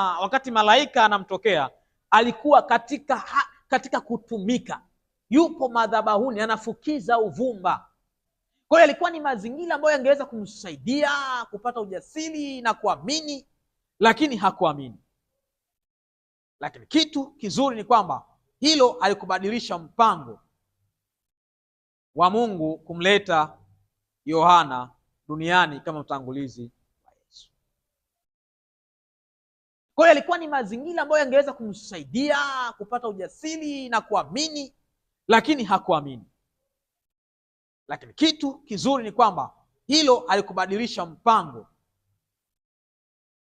wakati malaika anamtokea alikuwa katika, ha, katika kutumika, yupo madhabahuni anafukiza uvumba. Kwa hiyo alikuwa ni mazingira ambayo yangeweza kumsaidia kupata ujasiri na kuamini, lakini hakuamini. Lakini kitu kizuri ni kwamba hilo alikubadilisha mpango wa Mungu kumleta Yohana duniani kama mtangulizi Kwa hiyo yalikuwa ni mazingira ambayo yangeweza kumsaidia kupata ujasiri na kuamini, lakini hakuamini. Lakini kitu kizuri ni kwamba hilo alikubadilisha mpango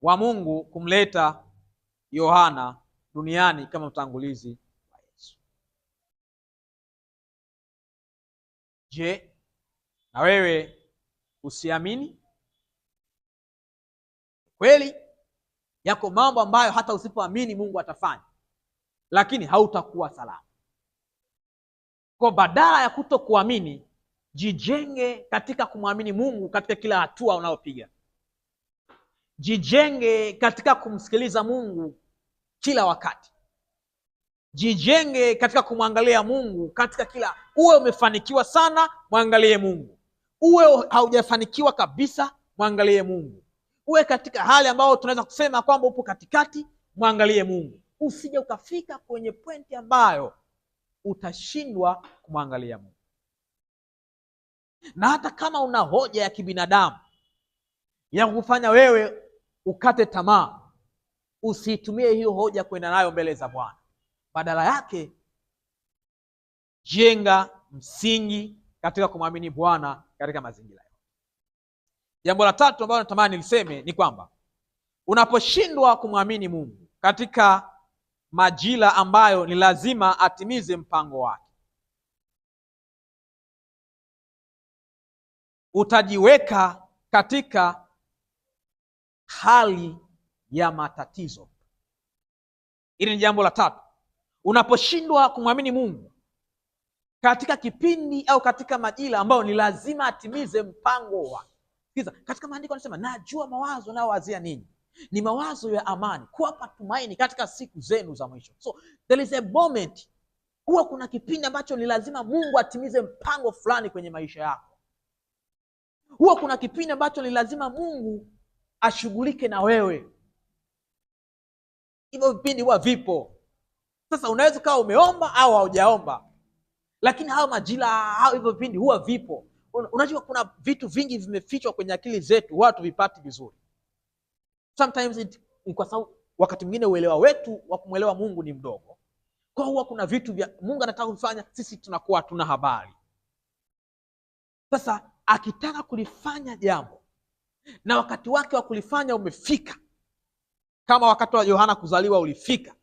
wa Mungu kumleta Yohana duniani kama mtangulizi wa Yesu. Je, na wewe usiamini kweli? Yako mambo ambayo hata usipoamini Mungu atafanya, lakini hautakuwa salama. Kwa badala ya kutokuamini, jijenge katika kumwamini Mungu katika kila hatua unayopiga. Jijenge katika kumsikiliza Mungu kila wakati. Jijenge katika kumwangalia Mungu katika kila, uwe umefanikiwa sana, mwangalie Mungu. Uwe haujafanikiwa kabisa, mwangalie Mungu uwe katika hali ambayo tunaweza kusema kwamba upo katikati, mwangalie Mungu, usije ukafika kwenye pointi ambayo utashindwa kumwangalia Mungu. Na hata kama una hoja ya kibinadamu ya kukufanya wewe ukate tamaa, usiitumie hiyo hoja kwenda nayo mbele za Bwana. Badala yake jenga msingi katika kumwamini Bwana katika mazingira Jambo la tatu ambalo natamani niliseme ni kwamba unaposhindwa kumwamini Mungu katika majira ambayo ni lazima atimize mpango wake, utajiweka katika hali ya matatizo. Hili ni jambo la tatu. Unaposhindwa kumwamini Mungu katika kipindi au katika majira ambayo ni lazima atimize mpango wake Kiza, katika maandiko anasema najua mawazo nayowazia ninyi ni mawazo ya amani, kuwapa tumaini katika siku zenu za mwisho. So there is a moment, huwa kuna kipindi ambacho ni lazima Mungu atimize mpango fulani kwenye maisha yako. Huwa kuna kipindi ambacho ni lazima Mungu ashughulike na wewe. Hivyo vipindi huwa vipo. Sasa unaweza ukawa umeomba au haujaomba, lakini hayo majira, hao hivyo vipindi huwa vipo unajua kuna vitu vingi vimefichwa kwenye akili zetu, watu vipati vizuri. Sometimes it, kwa sababu wakati mwingine uelewa wetu wa kumwelewa Mungu ni mdogo, kwa huwa kuna vitu vya Mungu anataka kufanya, sisi tunakuwa hatuna habari. Sasa akitaka kulifanya jambo na wakati wake wa kulifanya umefika, kama wakati wa Yohana kuzaliwa ulifika.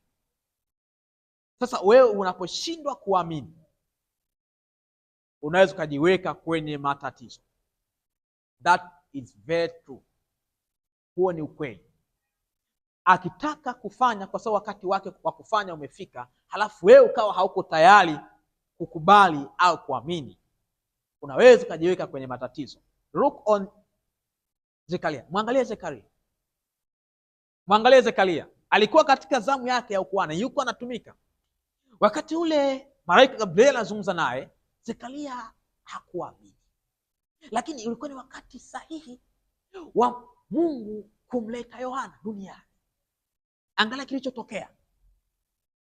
Sasa wewe unaposhindwa kuamini unaweza ukajiweka kwenye matatizo. That is very true. Huo ni ukweli. Akitaka kufanya kwa sababu wakati wake wa kufanya umefika, halafu wewe ukawa hauko tayari kukubali au kuamini, unaweza ukajiweka kwenye matatizo. Look on Zekaria, mwangalie Zekaria, mwangalie Zekaria. Alikuwa katika zamu yake ya ukuhani, yuko anatumika wakati ule, malaika Gabriel anazungumza naye Zekaria hakuamini, lakini ulikuwa ni wakati sahihi wa Mungu kumleta Yohana duniani. Angalia kilichotokea,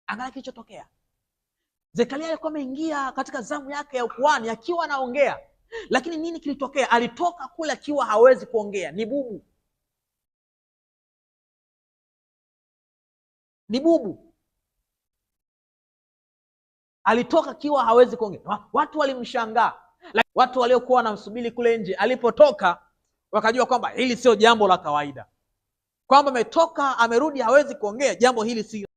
angalia kilichotokea. Zekaria alikuwa ameingia katika zamu yake ya ukuhani akiwa anaongea, lakini nini kilitokea? Alitoka kule akiwa hawezi kuongea, ni bubu, ni bubu. Alitoka akiwa hawezi kuongea, watu walimshangaa. Watu waliokuwa wanamsubiri kule nje alipotoka wakajua kwamba hili sio jambo la kawaida, kwamba ametoka amerudi hawezi kuongea. Jambo hili si